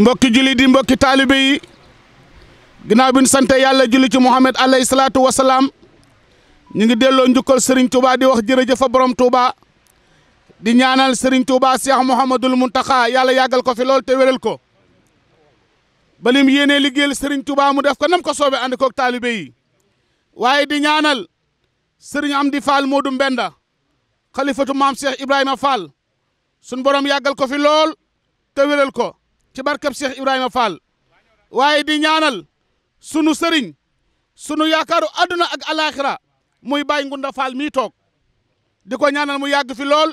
mbokki julli di mbokki taalibe yi ginnaaw bi sant yàlla julli ci Muhammad alayhi salaatu wa salaam ñu ngi delloo njukkal Serigne Touba di wax jërëjëf fa borom Touba di ñaanal Serigne Touba Cheikh Mouhamadul Mountakha yàlla yàggal ko fi lool te wéral ko ba lim yéenee liggéeyal Serigne mu def ko nam ko soobe ànd koog taalibe yi waaye di ñaanal am di Fall Modou Mbenda xalifatu maam Cheikh Ibrahima Fall sun borom yàggal ko fi lool te wéral ko. ci barkab Cheikh Ibrahima Fall waaye di ñaanal sunu sëriñ sunu yaakaaru àdduna ak alaxira muy Baye Ngunda Fall mii toog di ko ñaanal mu yàgg fi lool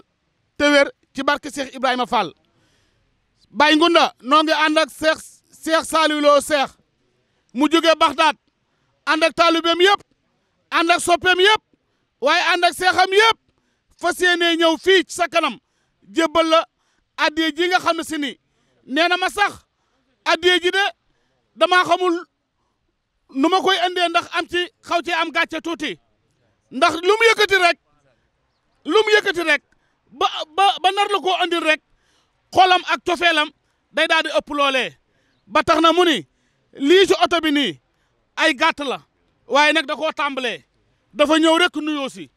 te wér ci barke Cheikh Ibrahima Fall Baye Ngunda noo ngi ànd ak Cheikh Cheikh Saliou Lo mu jógee Baxdaad ànd ak taalibeem yëpp ànd ak soppeem yëpp waaye ànd ak seexam yëpp fas yéenee ñëw fii ci sa kanam jébbal la addiye nga xam ne si ni nee na ma sax addee ji de dama xamul nu ma koy andee ndax am ci xaw cee am gàcce tuuti ndax lu mu yëkkati rek lu mu yëkkati rek ba ba nar la koo andil rek xoolam ak cofeelam day daal di ëpp ba tax na mu ni lii ci oto bi nii ay gàtt la waaye nag da koo tàmbalee dafa ñëw rek nuyoo si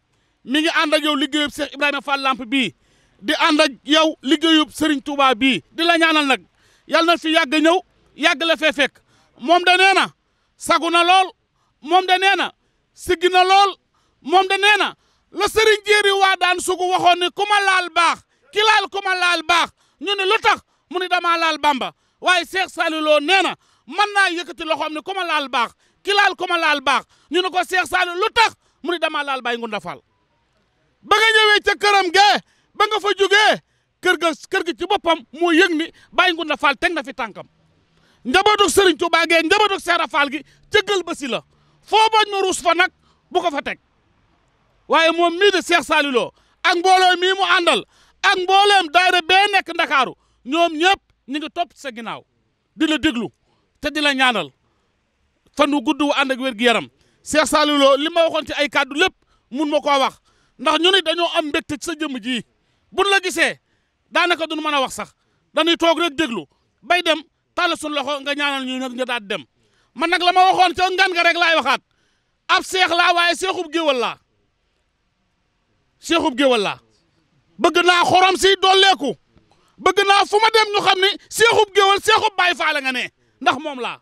mi ngi ànd ak yow liggéeyub Cheikh Ibrahima Fall Lamp bii di ànd ak yow liggéeyub Serigne Touba bii di la ñaanal nag yàlla na fi yàgg ñëw yàgg la fee fekk moom da nee na sagu na lool moom da nee na siggi na lool moom de nee na la Serigne Jéeri waa daan sugu waxoon ne ku ma laal baax ki laal ku ma laal baax ñu ne lu tax mu ne damaa laal Bamba waaye Cheikh Saliou Lo nee na mën naa yëkkati loxoom ne ku laal baax ki laal ku ma laal baax ñu ne ko Cheikh Saliou lu tax mu ne damaa laal bay Ngounda Fall ba ñëwee ca gee ba nga fa jóge kër ga kër gi ci boppam moo yëg ni Baye Ngounda Fall teg na fi tànkam njabootu Serigne Touba gee njabootu Seera Fall gi jëggal ba si la foo bañ ma ruus fa nag bu ko fa teg waaye moom mii de Cheikh Saliou ak mbooloo mii mu àndal ak mbooleem daayira bee nekk Ndakaaru ñoom ñëpp ñi ngi topp sa ginnaaw di la déglu te di la ñaanal fan wu gudd wu ànd ak wér-gu-yaram Cheikh Saliou Lo li ma waxoon ci ay kàddu lépp mun ma koo wax ndax ñu ne dañoo am mbégte ci sa jëmm ji buñ la gisee daanaka duñ mën a wax sax dañuy toog rek déglu bay dem tàll suñu loxo nga ñaanal ñu nag nga daal dem man nag la ma waxoon ca ngan nga rek laay waxaat ab seex laa waaye seexub géwal laa seexub géwal laa bëgg naa xorom si dolleeku bëgg naa fu ma dem ñu xam ne seexub géwal seexub baay faale nga ne ndax moom laa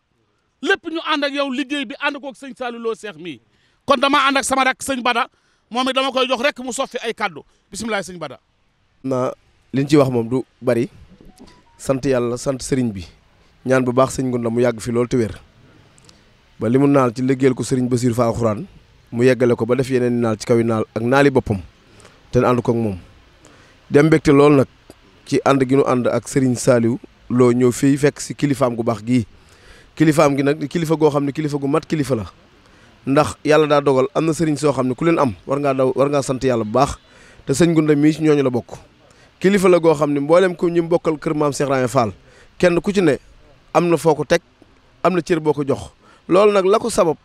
lépp ñu ànd ak yow liggéey bi ànd koog sëñ Saliou Lo seex mii kon dama ànd ak sama rak sëñ Bada moom it dama koy jox rek mu soffi ay kàddu bisimilah sëñ Bada na liñ ciy wax moom du bari sant yàlla sant sëriñ bi ñaan bu baax sëñ Ngunda mu yàgg fi loolu te weer ba li mu naal ci liggéeyal ko sëriñ Basiir Fall Xuraan mu yeggale ko ba def yeneen naal ci kaw naal ak naali boppam te ànd ko ak moom dem mbégte loolu nag ci ànd gi ànd ak sëriñ Saaliw loo ñëw fii fekk si kilifaam gu baax gii kilifaam gi nag kilifa goo xam ne kilifa gu mat kilifa la ndax yàlla daa dogal am na sëriñ soo xam ne ku leen am war ngaa war ngaa sant yàlla bu baax te sëñ Gunda mii ci ñooñu la bokk kilifa la goo xam ne mbooleem ku ñu mbokkal kër maam Cheikh Rahane kenn ku ci ne am na foo ko teg am na cër boo ko jox loolu nag la ko sabab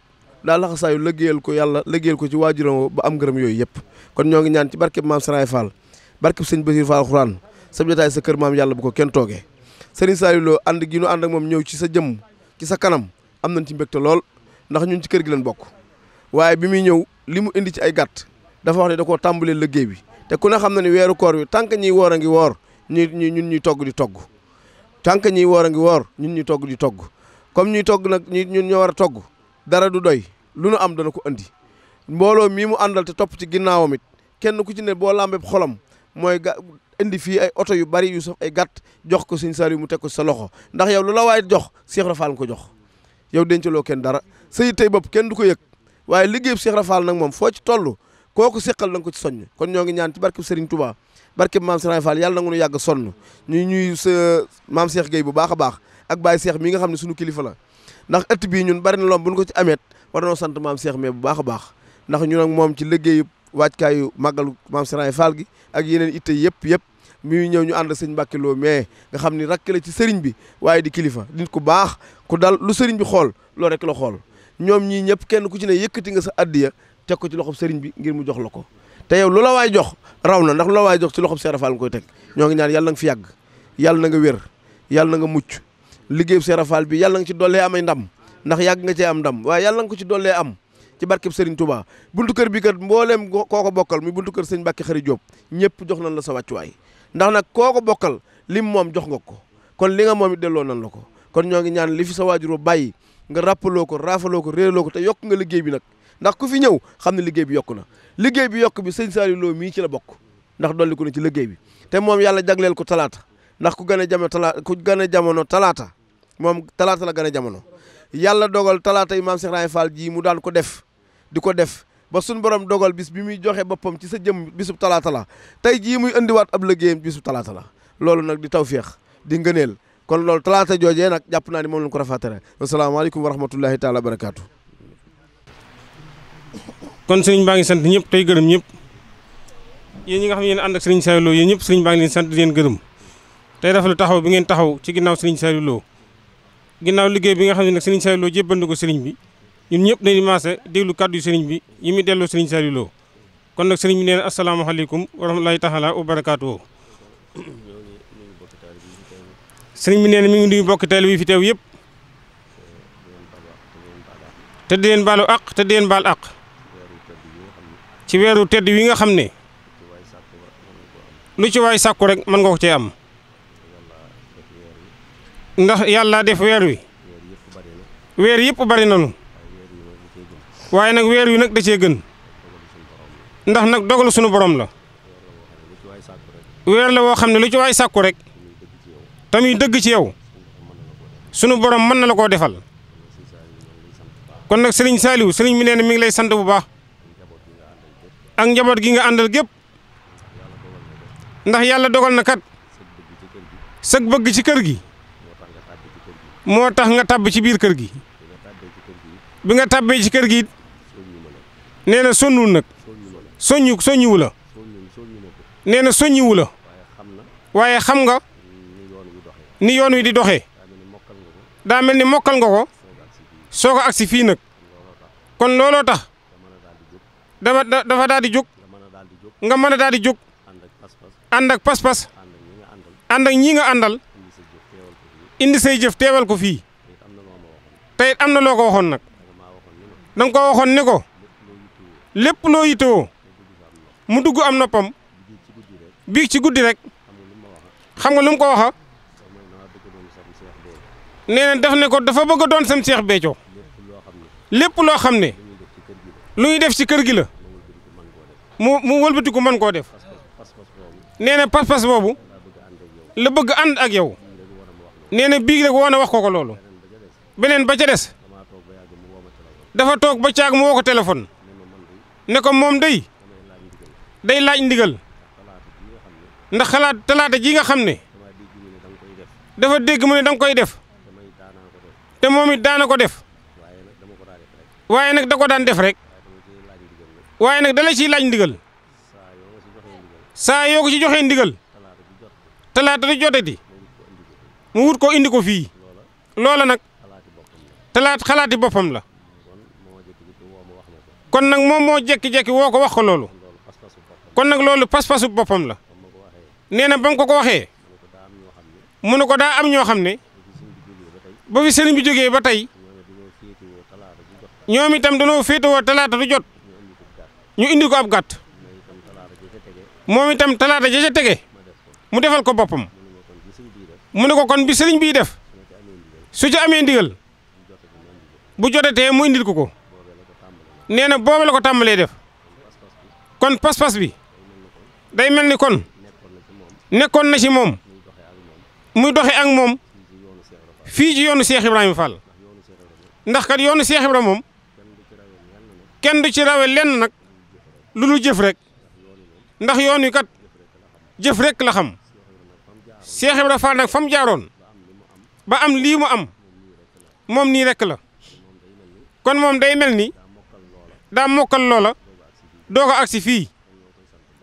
daa laxasaayu liggéeyal ko yàlla liggéeyal ko ci waajuram ba am ngërëm yooyu yëpp kon ñoo ngi ñaan ci barkeb maam Cheikh Rahane Fall barkeb sëñ Basiir Fall xuraan sa sa kër maam yàlla bu ko kenn toogee sëriñ Saliou loo ànd gi nu ànd ak moom ñëw ci sa jëmm ci sa kanam am nañ ci mbégte lool ndax ñun ci kër gi leen bokk waaye bi muy ñëw li mu indi ci ay gàtt dafa ne da koo tàmbalee liggéey bi te ku ne xam na ni weeru koor wi tant que ñiy woor a ngi woor ñu ñun ñuy togg di togg tant que woor a ngi woor ñun ñu togg di togg comme ñuy togg nag ñun ñoo war a togg dara du doy lu nu am dana ko andi mbooloo mii mu àndal te topp ci ginnaawam it kenn ku ci ne boo làmbee xolam mooy ga indi fii ay oto yu bari yu saf ay gàtt jox ko sëñ Saliou mu teg ko sa loxo ndax yow lu la waaye jox Cheikh Rafal ko jox yow dencaloo kenn dara sa yittey kenn du ko yëg waaye liggéeyub Cheikh Rafal nag moom foo ci tollu kooku seqal la nga ko ci soññ kon ñoo ngi ñaan ci barkeb Serigne Touba barkeb maam Serigne Fall yàlla na nga nu yàgg sonn ñu ñuy sa maam Cheikh Gueye bu baax a baax ak Baye seex mi nga xam ne suñu kilifa la ndax ëtt bii ñun bari na loom bu ñu ko ci ameet war nañoo sant maam Cheikh mais bu baax a baax ndax ñun ak moom ci liggéeyu waajkaayu màggalu maam Serigne Fall gi ak yeneen ite yëpp yëpp mi ñëw ñu ànd sëñ Mbàkke Lo mais nga xam ni rakk la ci sëriñ bi waaye di kilifa nit ku baax ku dal lu sëriñ bi xool loo rek la xool ñoom ñii ñëpp kenn ku ci ne yëkkati nga sa addiya teg ko ci loxob sëriñ bi ngir mu jox la ko te yow lu la waay jox raw na ndax lu la waay jox ci loxo Seera Faal nga koy teg ñoo ngi ñaan yàlla na nga fi yàgg yàlla na nga wér yàlla na nga mucc liggéeyu Seera Faal bi yàlla na nga ci dollee amay ndam ndax yàgg nga cee am ndam waaye yàlla na nga ko ci dollee am ci barkeb Serigne Touba buntu kër bi kat mbooleem koo ko bokkal muy buntu kër sëñ Mbàkke Xari Jóob ñëpp jox nañ la sa wàccuwaay ndax nag koo ko bokkal lim moom jox nga ko kon li nga moom delloo nañ la ko kon ñoo ngi ñaan li fi sa waajuro bàyyi nga rappaloo ko raafaloo ko réerloo ko te yokk nga liggéey bi nag ndax ku fi ñëw xam ne liggéey bi yokk na liggéey bi yokk bi sëñ Saliou Lo mii ci la bokk ndax ku na ci liggéey bi te moom yàlla jagleel ko talaata ndax ku gën a jamono talaata ku gën a jamono talaata moom talaata la gën a jamono yàlla dogal talaata yi maam Cheikh Ibrahima Fall jii mu daan ko def di ko def ba suñ borom dogal bis bi muy joxe boppam ci sa jëm bisub talaata la tey jii muy indiwaat ab liggéeyam bisub talaata la loolu nag di tawféex di ngëneel kon loolu talaata joojee nag jàpp naa ni ko rafetale asalaamaaleykum wa rahmatullahi taala wa barakaatu kon sëriñ baa ngi sant ñëpp tey gërëm ñëpp yen ñi nga xam ne yéen ànd ak sëriñ Saliou Lo yéen ñëpp sëriñ baa ngi leen sant di leen gërëm tey rafetlu taxaw bi ngeen taxaw ci ginnaaw sëriñ Saliou Lo ginnaaw liggéey bi nga xam ne nag sëriñ Saliou Lo jébbandi sëriñ bi ñun ñëpp dañuy maase déglu kàddu yu sëriñ bi yi muy delloo sëriñ Saliou Lo kon nag sëriñ bi nee na asalaamaaleykum wa rahmatulahi taala wa barakaatu sëriñ bi nee na mi ngi nuyu mbokki taalibe yi fi teew te di leen àq te di leen àq ci weeru tedd wi nga xam ne lu ci waay sàkku rek mën nga ko cee am ndax yàlla def weer wi weer yépp bari nanu waaye nag weer wi nag da cee gën ndax nag dogalu sunu borom la weer la woo xam ne lu ci waay sàkku rek tamuy dëgg ci yow sunu borom mën na la koo defal kon nag sëriñ Saaliw sëriñ mi nee na mi ngi lay sant bu baax ak njaboot gi nga àndal gépp ndax yàlla dogal na kat sëg bëgg ci kër gi moo tax nga tàbb ci biir kër gi bi nga tàbbee ci kër gi nee na sonnul nag soññu soññiwu la nee na soññiwu la waaye xam nga ni yoon wi di doxee daa mel ni mokkal nga ko soo ko agsi fii nag kon looloo tax dama dafa daal di jóg nga mën a daal di jóg ànd ak pas-pas ànd ak ñii nga àndal indi say jëf teewal ko fii tey am na loo ko waxoon nag da nga ko waxoon ne ko lépp loo yittewoo mu dugg am noppam biig ci guddi rek xam nga lu mu ko waxa nee na daf ne ko dafa bëgg a doon sam Seex Béthio lépp loo xam ne lu def ci kër gi la mu mu wëlbatiku mën koo def nee na pas-pas boobu la bëgg ànd ak yow nee na biig rek woon wax ko ko loolu beneen ba ca des dafa toog ba caag mu woo ko téléphone ne ko moom day day laaj ndigal ndax xalaat talaata ji nga xam ne dafa dégg mu ne danga koy def te moom it daana ko def waaye nag da ko daan def rek waaye nag dala ci laaj ndigal saa yoo ko ci joxee ndigal talaata di jotati mu wut ko indi ko fii loola nag talaat xalaati boppam la kon nag moom moo jekki-jekki woo ko wax ko loolu kon nag loolu pas-pasu boppam la nee na ba ko ko waxee mu ne ko daa am ñoo xam ne ba fi sëriñ bi jógee ba tey ñoom itam danoo féetewoo talaata du jot ñu indi ko ab gàtt moom itam talaata ja ca tege mu defal ko boppam mu ne ko kon bi sëriñ bii def su ci amee ndigal bu jotee jotatee mu indil ko ko nee na booba ko tàmbalee def kon pas-pas bi day mel ni kon nekkoon na ci moom muy doxe ak moom fii ci yoonu Cheikh Ibrahima Fall ndax kat yoonu seex Ibrahima moom kenn du ci rawe lenn nag lu nu jëf rek ndax yoon wi kat jëf rekk la xam Cheikh Ibra Fall nag fa mu jaaroon ba am lii mu am moom nii rek la kon moom day mel ni daa mokkal loola doo ko agsi fii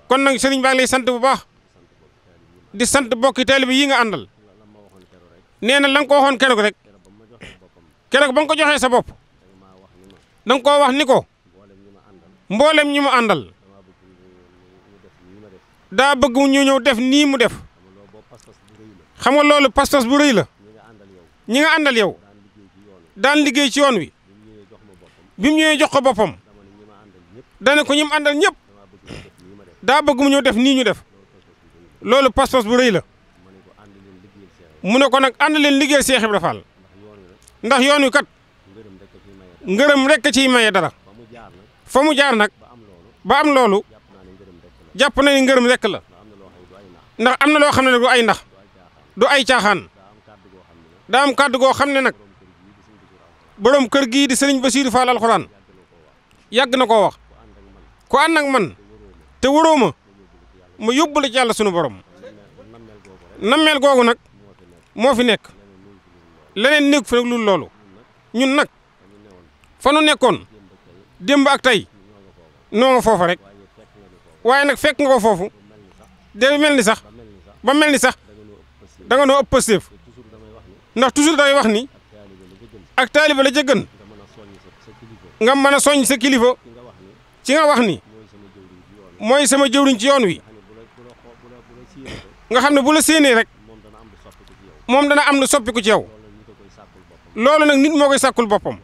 kon nag sëriñ baa ngi lay sant bu baax di sant bokki taalibe yii nga àndal nee na la nga ko waxoon keroog rek keroog ba nga ko joxee sa bopp da nga koo wax ni ko mbooleem ñi mu àndal daa bëgg ñu ñëw def nii mu def xam nga loolu pas-pas bu rëy la ñi nga àndal yow daan liggéey ci yoon wi bi mu ñëwee jox ko boppam dane ko ñi mu àndal ñëpp daa bëgg mu ñëw def nii ñu def loolu pas-pas bu rëy la mu ne ko nag ànd leen liggéey Seex Ibra Fall ndax yoon wi kat ngërëm rekk ciy maye dara fa mu jaar nag ba am loolu jàpp na ngër ngërëm rekk la ndax am na loo xam ne du ay ndax du ay caaxaan daa am kàddu goo xam ne nag borom kër gii di sëriñ Basiiru Faal alxuraan yàgg na koo wax ku ànd ak man te waroo ma ma yóbbu la ci sunu borom nammeel googu nag moo fi nekk leneen néeg fi nag loolu ñun nag fa nu nekkoon démb ak tey noo nga foofa rek waaye nag fekk nga ko foofu day mel ni sax ba mel ni sax da nga noo ëpp pastéef ndax toujours damay wax ni ak taaliba la ca gën nga mën a soññ sa kilifa ci nga wax ni mooy sama jëwriñ ci yoon wi nga xam ne bu la séenee rek moom dana am lu soppiku ci yow loolu nag nit moo koy sàkkul boppam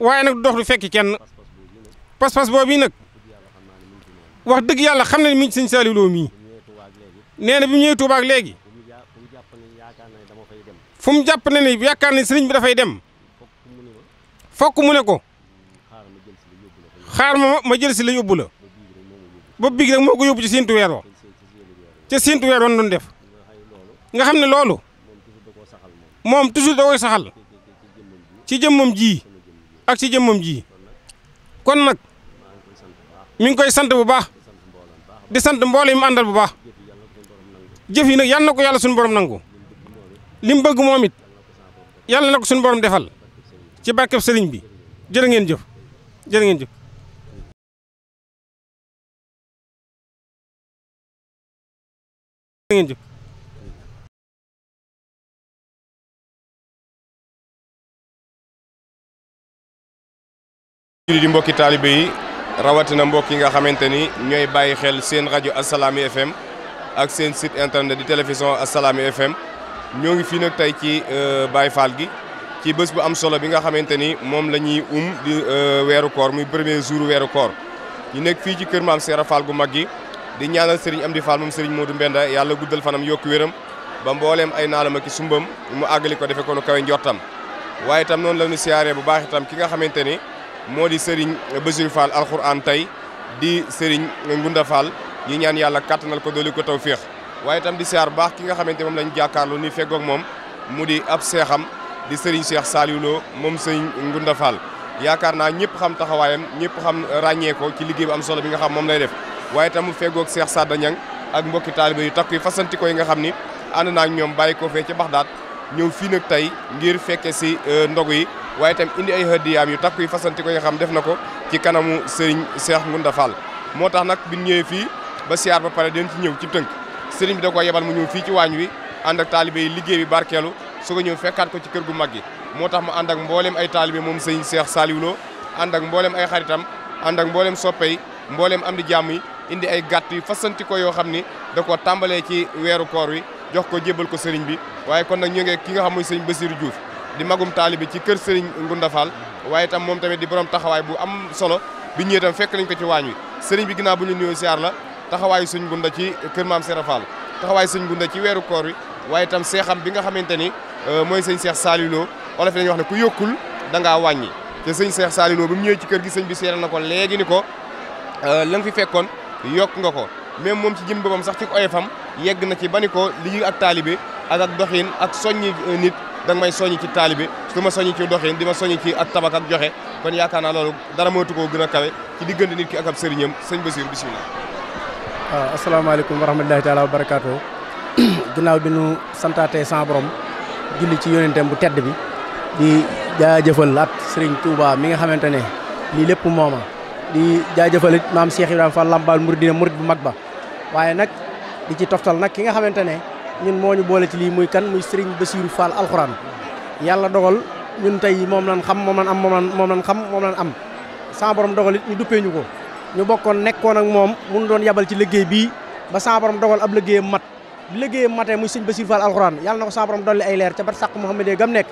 waaye nag dox du fekki kenn pas-pas boobu nag wax dëgg yàlla xam na ne mi ngi sëñ Saliou Lo mii nee na bi mu ñëwee Touba ak léegi fu mu jàpp ne ni yaakaar ne sëriñ bi dafay dem fokk mu ne ko xaar ma ma jël si la yóbbu la ba biig rek moo ko yóbbu ci siintu weer wa ca siintu weer woon doon def nga xam ne loolu moom toujours da koy saxal ci jëm jëmmam ji ak ci jëmmam ji kon nag mi ngi koy sant bu baax di sant mboole mu bu baax jëf yi nag yal na ko yàlla suñu borom nangu li bëgg moom it yàlla na ko suñu borom defal ci barkeb sëriñ bi jërë ngeen jëf jërë ngeen jëf. jëf. juli di mbokki taalibe yi rawatina mbokk yi nga xamante ni ñooy bàyyi xel seen rajo Assalaamy FM ak seen site internet di télévision Assalaamy FM ñoo ngi fii nag tey ci euh, Baye Fall gi ci bés bu am solo bi nga xamante ni moom la ñuy um di euh, weeru koor muy premier jour weeru koor ñu nekk fii ci kër maam Seera Fall gu mag gi di ñaanal am di Fall moom Serigne Modou Mbenda yàlla guddal fanam yokku wéram ba mbooleem ay naalam ak sumbam mu àggali ko defe ko nu moo di Serigne Bassirou Fall alxuraan tey di Serigne Ngunda Fall ñu ñaan yàlla kàttanal ko dooli ko taw féex waaye tam di siyaar baax ki nga xamante moom lañu jàkkaarloo ni feggoog moom mu di ab seexam di Serigne Cheikh Saliou Lo moom Serigne Ngunda Fall yaakaar naa ñëpp xam taxawaayam ñëpp xam ràññee ko ci liggéey bu am solo bi nga xam moom lay def waaye itam mu feggoog Cheikh Sada Niang ak mbokki taalibe yu takk yi fasanti yi nga xam ni ànd naa ñoom bàyyi ko fee ca Baxdaad ñëw fii nag tey ngir fekke si euh, ndog yi waaye itam indi ay hadiyaam yu takku yi fasanti ko nga xam def na ko ci kanamu sëriñ Cheikh Ngounda Fall moo tax nag bi ñu ñëwee fii ba siyaar ba pare dinañ ci ñëw ci tënk sëriñ bi da ko yebal mu ñëw fii ci waañ wi ànd ak taalibe yi barkeelu su ko ñëw fekkaat ko ci kër gu mag gi moo tax mu ànd ak mbooleem ay taalibe moom sëriñ Cheikh Saliou Lo ànd ak mbooleem ay xaritam ànd ak mbooleem soppe mbooleem am di jàmm yi indi ay gàtt yu fasanti yoo xam ni da ko tàmbalee ci weeru koor wi jox ko jébbal ko sëriñ bi waaye kon nag ñu ngi ki nga xam mooy sëriñ Bassirou Diouf di magum taalibe ci kër sëriñ Ngunda Fall waaye tam moom tamit di borom taxawaay bu am solo bi ñëwee itam fekk nañ ko ci waañ wi sëriñ bi ginnaaw bu ñu nuyoo siyaar la taxawaayu sëñ Ngunda ci kër maam Sera taxawaay taxawaayu sëñ Ngunda ci weeru koor wi waaye itam seexam bi nga xamante ni euh, mooy sëñ Seex Saaliloo olof yi dañuy wax ne ku yokkul da ngaa wàññi te sëñ Seex Saaliloo bi mu ñëwee ci kër gi sëñ bi seeral na ko léegi ni ko euh, la nga fi fekkoon yokk nga ko même moom ci jëm boppam sax ci oyofam yegg na ci banikoo ko liggéey ak taalibe ak ak doxin ak soññi nit danga may soññi ci taalibe su ma soññi ci doxin di ma soññi ci ak tabak ak joxe kon yaakaar naa loolu dara mootu koo gën a kawe ci diggante nit ki ak ab sëriñam sëñ Basir bisimilah. waaw asalaamaaleykum wa rahmatulahi taala wa barakaatu. ginnaaw bi nu santaate sans borom julli ci yónenteem bu tedd bi di jaajëfal at Serigne Touba mi nga xamante ne lii lépp mooma di jaajëfal it maam Cheikh Ibrahima Fall Lambaal Mouridina bu mag ba. waaye nag di ci toftal nak ki nga xamante ne ñun moo ñu boole ci lii muy kan muy Serigne Bassirou Fall alxuraan yàlla dogal ñun tey moom lañ xam moom lañ am moom lañ moom lañ xam moom lañ am sama borom dogal it ñu duppee ñu ko ñu bokkoon nekkoon ak moom mun doon yabal ci liggéey bii ba sama borom dogal ab liggéeyam mat bi liggéeyam matee muy sëñ Bassirou Fall alxuraan yàlla na ko sama borom dolli ay leer ca bar sàq Mouhamadee gam nekk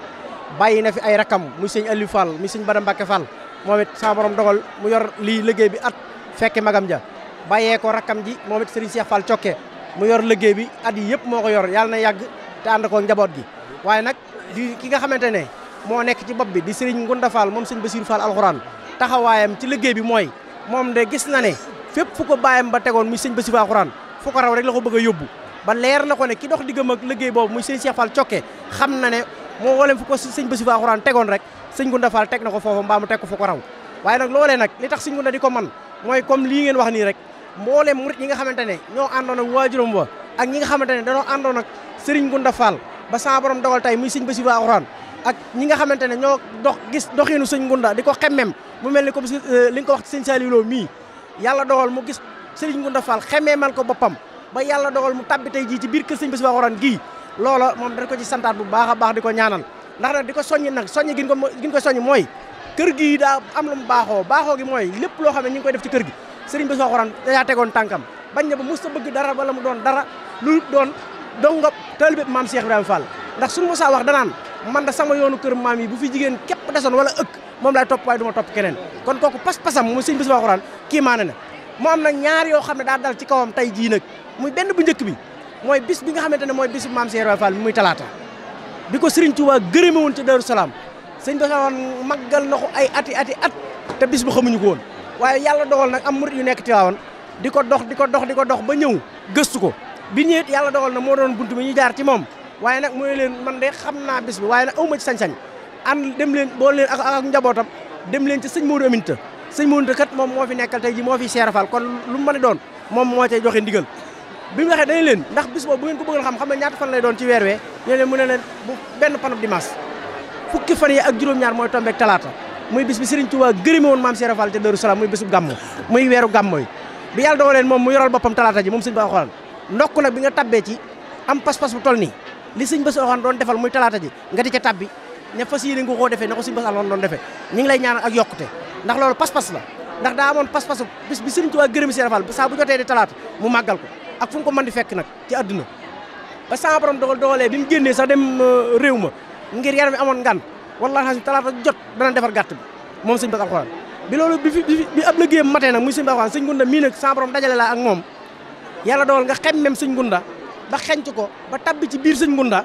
bàyyi na fi ay rakam muy sëñ Aliou Fall muy sëñ Bada Mbacke Fall moom it sama dogal mu yor lii liggéey bi at fekk magam ja bàyyee ko rakkam ji moom it Serigne Cheikh Fall Cokke mu yor liggéey bi at yëpp moo ko yor yàlla na yàgg te ànd ko njaboot gi waaye nag di ki nga xamante ne moo nekk ci bopp bi di Serigne Ngunda Fall moom Serigne Bassirou Fall alxuraan taxawaayam ci liggéey bi mooy moom de gis na ne fépp fu ko bàyyam ba tegoon muy Serigne Bassirou Fall alxuraan fu ko raw rek la ko bëgg yóbbu ba leer na ko ne ki dox diggam ak liggéey boobu muy Serigne Cheikh Fall Cokke xam na ne moo wolem fu ko Serigne Bassirou Fall tegoon rek Serigne Ngunda Fall teg na ko foofu mbaa mu teg ko fu ko raw waaye nag loolee nag li tax Serigne Ngunda di ko man mooy comme lii ngeen wax nii rek mboolem murit ñi nga xamante ne ñoo àndoon ak waajuram wa ak ñi nga xamante ne dañoo àndoon ak Serigne Gunda Fall ba sa borom dogal tey muy Serigne Bassirou Alxuraan ak ñi nga xamante ne ñoo dox gis doxiinu Serigne Gunda di ko xemmem mu mel ni comme euh, li nga ko wax ci Serigne Saliou mii yàlla dogal mu gis Serigne Gunda Fall xemmeemal ko boppam ba yàlla dogal mu tabbi tey jii ci biir kër Serigne Bassirou Alxuraan gii loolo moom dañ ko ci santaat bu baax a baax di ko ñaanal ndax nag di ko soññi nag soññi gin ko gin ko soññi mooy kër gi daa am lu mu baaxoo baaxoo gi mooy lépp loo xam ne ñi ngi koy def ci kër gi sëriñ Bassirou Alxuraan dajaa tegoon tànkam bañ na ba mos ta bëgg dara wala mu doon dara lu doon dongob taalibe maam Cheikh Ibrahima Fall ndax suñu mosaa wax danaan man da sama yoonu kër maam yi bu fi jigéen képp desoon wala ëkk moom laay topp waaye du ma topp keneen kon kooku pas-pasam mu sëriñ Bassirou Alxuraan kii maane am nag ñaar yoo xam ne daa dal ci kawam tey jii muy benn bu njëkk bi mooy bis bi nga xamante ne mooy bisu maam Cheikh Ibrahima Fall bi muy talaata bi ko Serigne Touba gërëme woon ci Darou Salaam sëñ Bassirou Alxuraan màggal na ay ati ati at te bis bu xamuñu ko woon waaye yàlla dogal nag am murit yu nekk Tiwaawan di ko dox di ko dox di ko dox ba ñëw gëstu ko bi ñëwee yàlla dogal na moo doon bunt bi ñu jaar ci moom waaye nag mooy leen man de xam naa bis bi waaye nag awma ci sañ-sañ ànd dem leen bool leen ak ak njabootam dem leen ci sëñ Modou Aminta sëñ Modou kat moom moo fi nekkal tey ji moo fi seerafal kon lu mu mën a doon moom moo cay joxe ndigal bi mu waxee dañ leen ndax bis boobu bu ngeen ko bëggoon xam xam ne ñaata fan lay doon ci weer wee ñu ne mu leen bu benn panub dimanche fukki fan yi ak juróom-ñaar mooy tombeek talaata muy bis bi Serigne Touba gërëme woon maam Cheikh Fall te Darou Salaam muy bisu gàmmu muy weeru gàmmu yi bi yàlla dogaleen moom mu yoral boppam talaata ji moom sëñ Bass Xolane ndokk nag bi nga tabbee ci am pas-pas bu toll nii li sëñ Bass Xolane doon defal muy talaata ji nga ca tabbi ne fas yéene nga koo defee na ko sëñ Bass Xolane doon defee ñu ngi lay ak yokkute ndax loolu pas la ndax daa amoon pas-pas bis bi Sëriñ Tuubaa gërëm Cheikh Fall saa bu jotee wallaahi xasim talaata jot dana defar gàtt bi moom sëñ bas alxuraan bi loolu bi fi bi ab liggéeyam matee nag muy sëñ bas alxuraan sëñ gunda mii nag sa borom dajale la ak moom yàlla dogal nga xemmem sëñ gunda ba xenc ko ba tabbi ci biir sëñ gunda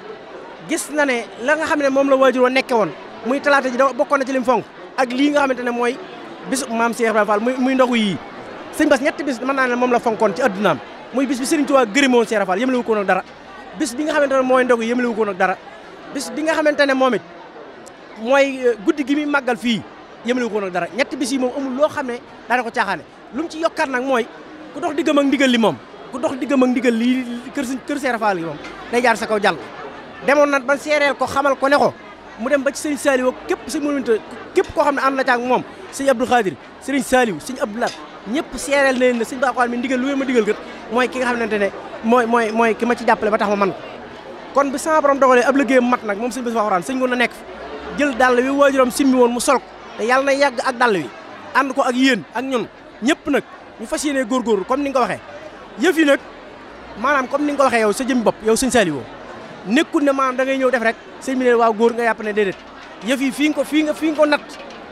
gis na ne la nga xam ne moom la waajur wa nekke woon muy talaata ji da bokkoon na ci lim fonk ak lii nga xamante ne mooy bis maam Cheikh Ibrahima Fall muy muy ndogu yii sëñ bas ñetti bis mën naa ne moom la fonkoon ci addunaam muy bis bi Sëriñ Tuubaa ko nag dara bis bi nga xamante ne mooy ndogu yëmlewu ko dara bis bi nga xamante ne moom it mooy euh, guddi gi mi màggal fii yëmale ko nag dara ñetti bis yi moom amul loo xam ne daana ko caaxaane lu mu ci yokkaat nag mooy ku dox diggam ak ndigal li moom ku dox diggam ak ndigal li kër kër seerafaal yi moom day jaar sa kaw jàll demoon na ba seereel ko xamal ko ne ko mu dem ba ci sëriñ Saliou képp sa mënunta képp koo xam ne am na caag moom sëñ Abdou Khadir sëriñ Saliou sëñ Abdou Lat ñëpp seereel na leen ne sëñ Bakhoane mi ndigal lu ngeen ma digal kat mooy ki nga xamante ne mooy mooy mooy ki ma ci jàppale ba tax ma man ko kon bi moom sëñ Bass Bakhourane sëñ nekk jël dàll wi waajuram simmi woon mu sol ko te yàlla na yàgg ak dàll wi ànd ko ak yéen ak ñun ñëpp nag ñu fas góor góor comme ni nga ko waxee yëf yi nag maanaam comme ni nga ko waxee yow sa jëm bopp yow sëñ Saliou nekkul ne maanaam da ngay ñëw def rek sëñ bi ne waaw góor nga yàpp ne déedéet yëf yi fii nga ko fii nga fii nga ko nat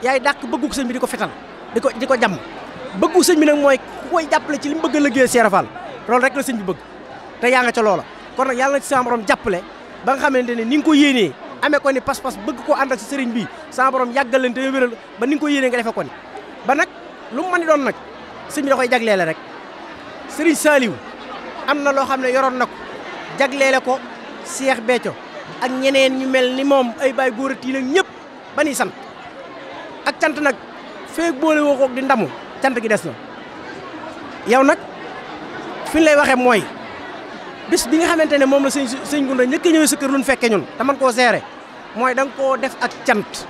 yaay dàq bëggug sëñ bi di ko fetal di ko di ko jàmm bëggug sëñ bi nag mooy ku koy jàppale ci li mu bëgg a liggéey Cheikh loolu rek la sëñ bi bëgg te yaa nga ca loola kon nag yàlla ci sa jàppale ba nga xamante ne ni nga ko yéenee amee ko ni pas-pas bëgg ko ànd ak si sëriñ bi sama borom yàggal leen te wéral ba ni nga ko yéene nga defee ko ni ba nag lu mu mën di doon nag sëñ bi da jagleele rek sëriñ Saaliw am na loo xam ne yoroon na ko jagleele ko Seex Béthio ak ñeneen ñu mel ni moom ay baay góor a tii nag ñëpp ba ni sant ak cant nag feeg boole woo di ndamu cant gi des na yow nag fi ñu lay waxee mooy. bis bi nga xamante ne moom la sëñ sëñ Gunda njëkk a ñëwee sa kër lu ñu fekkee ñun dama man koo gérer mooy danga nga koo def ak cant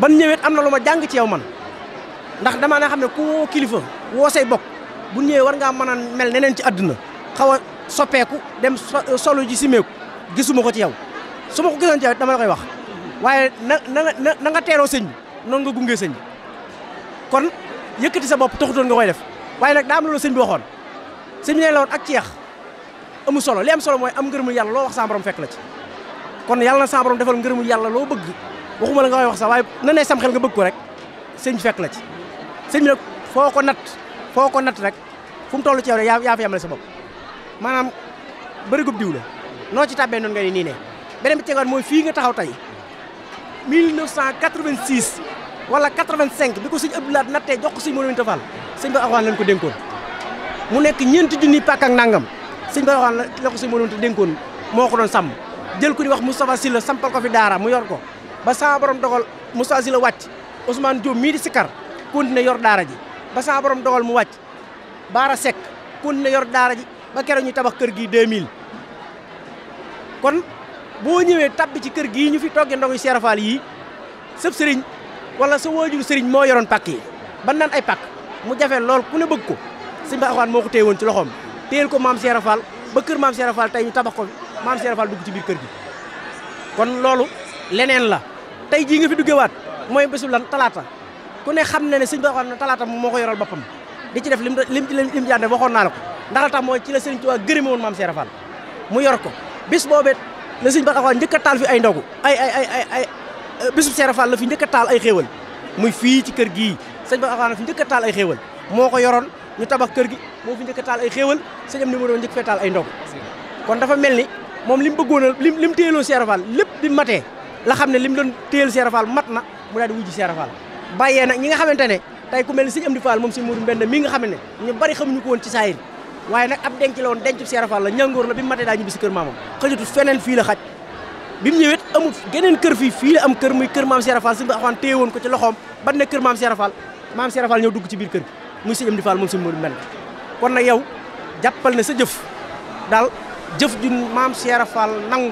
ban ñëwet am na lu ma jàng ci yow man ndax dama na xam ne ku kilifa woo say bokk bu ñëwee war nga mën a mel neneen ci àdduna xaw a soppeeku dem solo ji simeeku gisuma ko ci yow su ma ko gisoon dama la koy wax waaye na na nga teeroo sëñ bi noonu nga gungee sëñ kon yëkkati sa bopp taxutoon nga koy def waaye nag daa am loolu sëñ bi waxoon sëñ ak ceex amu solo li solo mooy am ngërëmul yàlla loo wax sa borom fekk la ci kon yàlla na borom defal ngërëmul yàlla loo bëgg waxuma la nga koy wax sax waaye na ne sam xel nga bëgg ko rek sëñ bi fekk la ci sëñ bi nag foo ko natt foo ko natt rek fu mu toll ci yow rek yaa fi yamale sa bopp maanaam bëri gub diw la noo ci tàbbee noonu nga ni nii ne beneen bi tegoon mooy fii nga taxaw tey 1986 wala 85 bi ko sëñ Abdou Lahad nattee jox ko sëñ Modou Fall sëñ ba Awane lañ ko dénkoon mu nekk ñeenti junni pàkk ak nangam sëñ Baroxaan la ko sëñ Moodu Anta dénkoon moo ko doon sàmm jël ku di wax Moustapha Sylla sampal ko fi daara mu yor ko ba sama borom dogal Moustapha Sylla wàcc Ousmane Diop mii di Sikar continué yor daara ji ba sama borom mu wàcc Baara Seck continué yor daara ji ba keroog ñu tabax kër gi 2000 kon boo ñëwee tabbi ci kër gii ñu fi toggee ndogu Cheikh Fall yi sëb sëriñ wala sa waajur sëriñ moo yoroon pàkk yi ban naan ay pàkk mu jafe lool ku ne bëgg ko sëñ Baroxaan moo ko téye woon ci loxoom téyel ko maam Cheikh Fall ba kër maam Cheikh Fall tey ñu tabax ko maam Cheikh Fall dugg ci biir kër gi kon loolu leneen la tey jii nga fi duggewaat mooy bésu lan talaata ku ne xam ne ne sëñ bi waxoon na talaata moo ko yoral boppam di ci def lim lim lim jaan def waxoon naa la ko ndax la tax mooy ci la sëriñ Tuubaa gërëme woon maam Cheikh Fall mu yor ko bis boobee la sëñ ba taxaw njëkk a taal fi ay ndogu ay ay ay ay ay bisu la fi njëkk taal ay xéewal muy fii ci kër gii sëñ ba taxaw na a taal moo ko yoroon ñu tabax kër gi moo fi njëkk a taal ay xéewal sëñ am numéro njëkk fee taal ay ndog kon dafa mel ni moom li mu bëggoon a lim li mu téyeloon lépp bi matee la xam ne li mu doon téyel seerafal mat na mu daal di wujji seerafal bàyyee nag ñi nga xamante ne tey ku mel ni sëñ am di fall moom sëñ Modou Mbenda mii nga xam ne ñu bari xamuñu ko woon ci saayir waaye nag ab denc la woon denc seerafal la ñangoor la bi matee daa ñibbi si kër maamam xëjatu feneen fii la xaj bi mu geneen kër fii fii am kër muy kër maam seerafal si téye woon ko ci loxoom ban ne kër maam seerafal maam seerafal ñëw dugg ci biir kër muy sëñ Amdi Fall moom sëñ Moodu Mbend kon nag yow jàppal ne sa jëf daal jëf ju maam Cheikh Fall nangu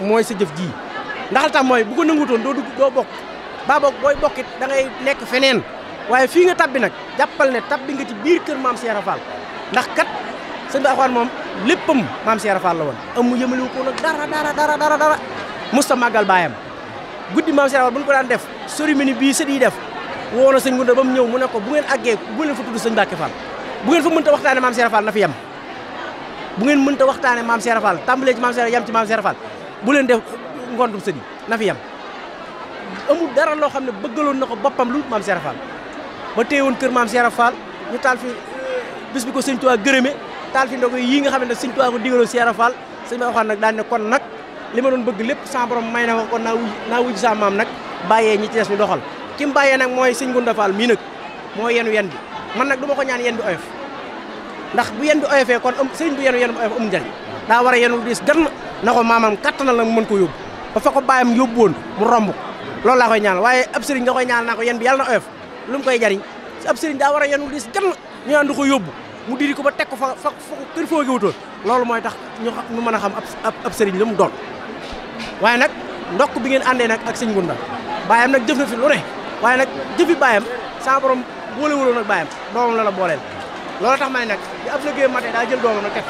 mooy sa jëf ji ndax tax mooy bu ko nangutoon doo dugg doo bokk ba bokk booy bokkit da ngay nekk feneen waaye fii nga tabbi nag jàppal ne tabbi nga ci biir kër maam Cheikh Fall ndax kat sëñ bi moom léppam maam Cheikh Fall la woon amu yëmaliwu ko nag dara dara dara dara dara màggal baayam guddi maam Cheikh Fall bu ñu ko daan def cérémonie bii sët yi def woo na sëñ Gunda ba mu ñëw mu ne ko bu ngeen àggee bu leen fa tudd sëñ Mbacke fa mënta waxtaane maam Serap Fall na fi yem bu ngeen mënta waxtaane maam Serap Fall tàmbalee ci maam Serap yem ci maam Serap Fall bu leen def ngontum sëñ na fi yem amul dara loo xam ne bëggaloon na ko boppam lu maam Serap Fall ba téye woon kër maam Serap Fall ñu taal fi euh, bis ko sëñ Tuubaa gërëme taal fi ndogo yii nga xam ne sëñ Tuubaa ko digaloon Serap Fall sëñ nag daan ne kon nag li ma doon bëgg lépp sama may na ko kon naa wuj naa nag bàyyee ñi ci doxal ki mu bàyyee nag mooy sëñ Gunda Fall mii nag moo yenu yen bi man nag du ma ko ñaan yen bi oyof ndax bu yen bi oyofee kon am sëriñ bu yenu yen bi oyof am njariñ daa war a yenu diis gann na ko kattanal la mu mën ko yóbbu ba fa ko bàyyam yóbbu woon mu romb ko loolu laa koy ñaan waaye ab sëriñ nga koy ñaan naa ko yen bi yàlla na oyof lu mu koy jariñ ab sëriñ daa war a yenu diis gann ñu du ko yóbbu mu diri ko ba teg ko fa fa kër foo giwutoon loolu mooy tax ñu ñu mën a xam ab ab sëriñ la mu doon waaye nag ndokk bi ngeen àndee nag ak sëñ Gunda bàyyam nag jëf na fi waaye nag jëfi baayam saa borom boolewuloon ak la la booleel loolu tax ma ne nag di ab liggéey matee daa jël doomam nag teg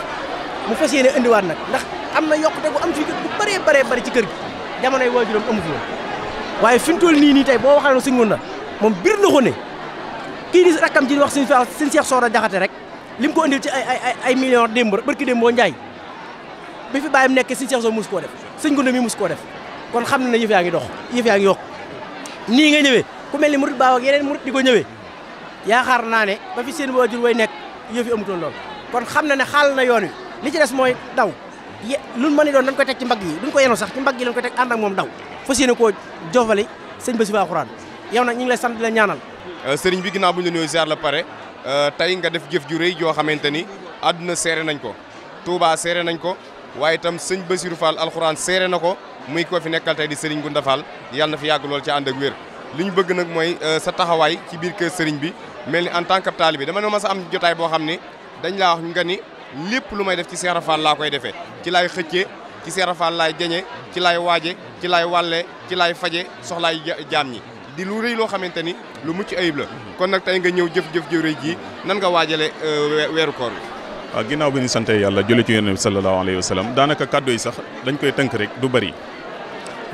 mu fas yéene indiwaat nag ndax am na yokkute bu am fii bu ci kër gi jamonoy waajuram amu fi woon waaye fi mu nii tey boo waxee noonu suñu na moom bir na ko ne kii di rakkam ci wax suñu fi suñu seex soora jaxate rek lim ko indil ci ay ay ay millions démb barki démb njaay bi fi bàyyam nekk suñu seex soora mus koo def suñ gunda mi mus koo def kon xam na ne yëf ngi dox yëf yaa ngi nii nga ñëwee ku mel ni murit baaw ak yeneen murit di ko ñëwee yaakaar naa ne ba fi seen waajur nekk yëf yi amutoon lool kon xam na ne xaal na yoon wi li ci des mooy daw lu mën a doon dañ koy teg ci mbagg yi duñ ko yenu sax ci mbagg yi lañ koy teg ànd ak moom daw fas yéene koo jofale sëñ ba si alxuraan yow nag ñu ngi sant di ñaanal euh, sëriñ bi ginnaaw bu ñu la nuyoo la pare euh, tey nga def jëf ju rëy joo xamante ni àdduna seere nañ ko Touba seere nañ ko waaye itam sëñ Bassirou Fall alxuraan seere na ko muy ko fi nekkal tey di sëriñ Gunda Fall yàlla na yàgg lool ci ànd ak wér li ñu bëgg nag mooy euh, sa taxawaay ci biir kër sëriñ bi mel ni en tant que taalibe dama ne ma sa am jotaay boo xam ne dañ laa wax nga ni lépp lu may def ci Cheikh Rafal laa koy defee ci laay xëccee ci Cheikh Rafal laay jañee ci laay waaje ci laay wàllee ci laay faje soxlaay jaam ñi di lu rëy loo xamante ni lu mucc ayib la kon nag tey nga ñëw jëf-jëf jëw ji nan nga waajale euh, weeru koor bi waaw ginnaaw bi ñu sante yàlla jële ci yonent bi sallallahu alayhi wa daanaka kàddu yi sax dañ koy tënk rek du bari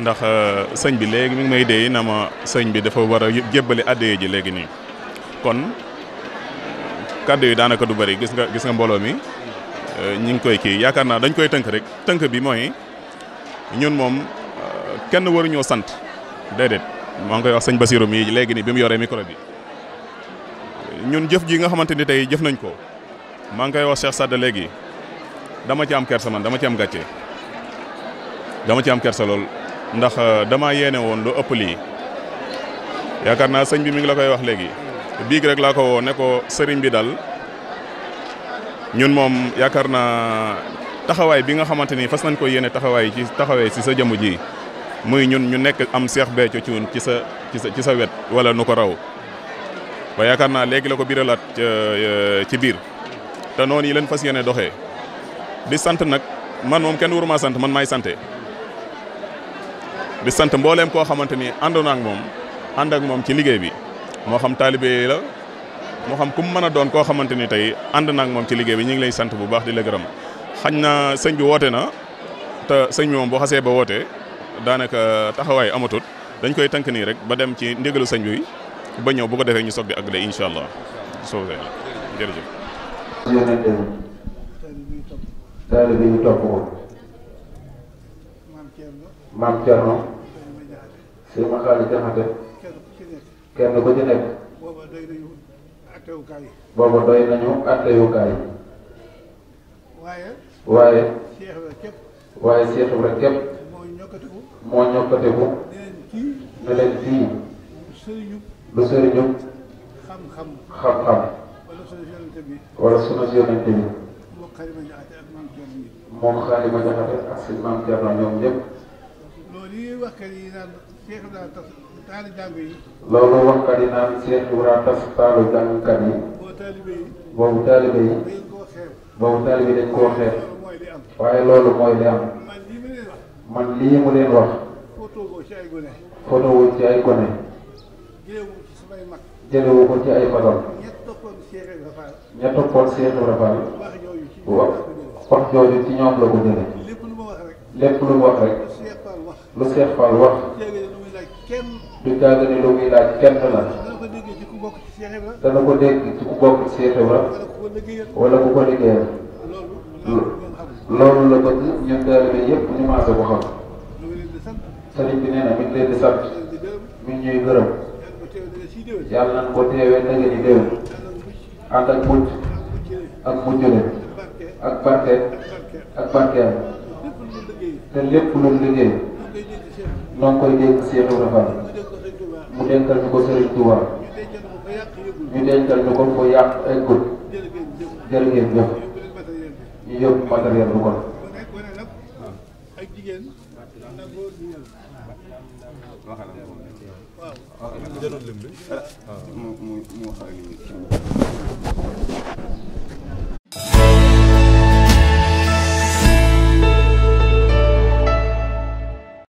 ndax euh, sëñ bi léegi mi ngi may dee na ma sëñ bi dafa war a jébbali addiya ji léegi nii kon kàddu yi daanaka du bari gis nga gis nga mbooloo mi euh, ñi ngi koy kii yaakaar naa dañ koy tënk rek tënk bi mooy ñun moom euh, kenn waruñoo sant déedéet maa ngi koy wax sëñ Basirou mi léegi nii bi mu yoree micro bi ñun jëf ji nga xamante ni tey jëf nañ ko maa ngi koy wax Cheikh Sadda léegi dama ci am man dama ci am gàcce dama ci am lool. ndax euh, dama yéene woon lu ëpp lii yaakaar naa sëñ bi mi ngi la koy wax léegi biig rek laa ko woo ne ko sëriñ bi dal ñun moom yaakaar naa taxawaay bi nga xamante ni fas nañ ko yéene taxawaay ci taxawee si sa jamu ji muy ñun ñu nekk am Seex Béthio Thioune ci sa ci sa ci sa wet wala nu ko raw ba yaakaar naa léegi la ko biralaat euh, ci biir te noonu yi leen fas yéene doxe bi sant nag man moom kenn waruma sant man may sante di sant mbooleem koo xamante ni àndoon ak moom ànd ak moom ci liggéey bi moo xam taalibe la moo xam ku mu mën a doon koo xamante ni tey ànd moom ci liggéey bi ñu ngi lay sant bu baax di la gërëm xañ na sëñ bi woote na te sëñ moom boo xasee ba woote daanaka taxawaay amatut dañ koy tënk nii rek ba dem ci ndigalu sëñ bi ba ñëw bu ko defee ñu soog di àggale incha allah soo maam Thierno sëñ Maxaali Jaxate kenn ku ci nekk booba doy nañu attewukaay booba doy nañu attewukaay waaye waaye waaye moo ñokkatiku ne leen fii lu sëriñu xam-xam wala sunu yonent bi moom Xaalima Jaxate ak sëñ maam Thierno ñoom ñëpp loolu waxkat yi naan Cheikh Ibrahima tas taalu jàng yi. yi boobu taalibe boobu taalibe yi. boobu waaye loolu mooy li am. man lii mu leen wax. foto ci ay gone. foto ci ay gone. jëlewu ko ci ay magam. ña toppoon Cheikh Ibrahima Fall. wax jooju ci ñoom la ko jëlee. lu wax rek. lu Cheikh Fall wax du caaga ne lu muy laaj kenn la dana ko dégg ci ku bokk ci Cheikh Ibra wala ku ko liggéeyal loolu la bëgg ñun taalibe yëpp ñu maase ko xam sëriñ bi nee na mi leen di sant mi ngi ñuy gërëm yàlla nañ ko teewee ndege ni déwén ànd ak mucc ak mujjule ak barke ak barkeel te lépp lu liggéey ñoo ngi koy dégg Cheikh mu dénkal ñu ko Serigne Touba ñu dénkal ñu ko fa yàq eggul jërë ngeen jëf ñu yóbbu bu kon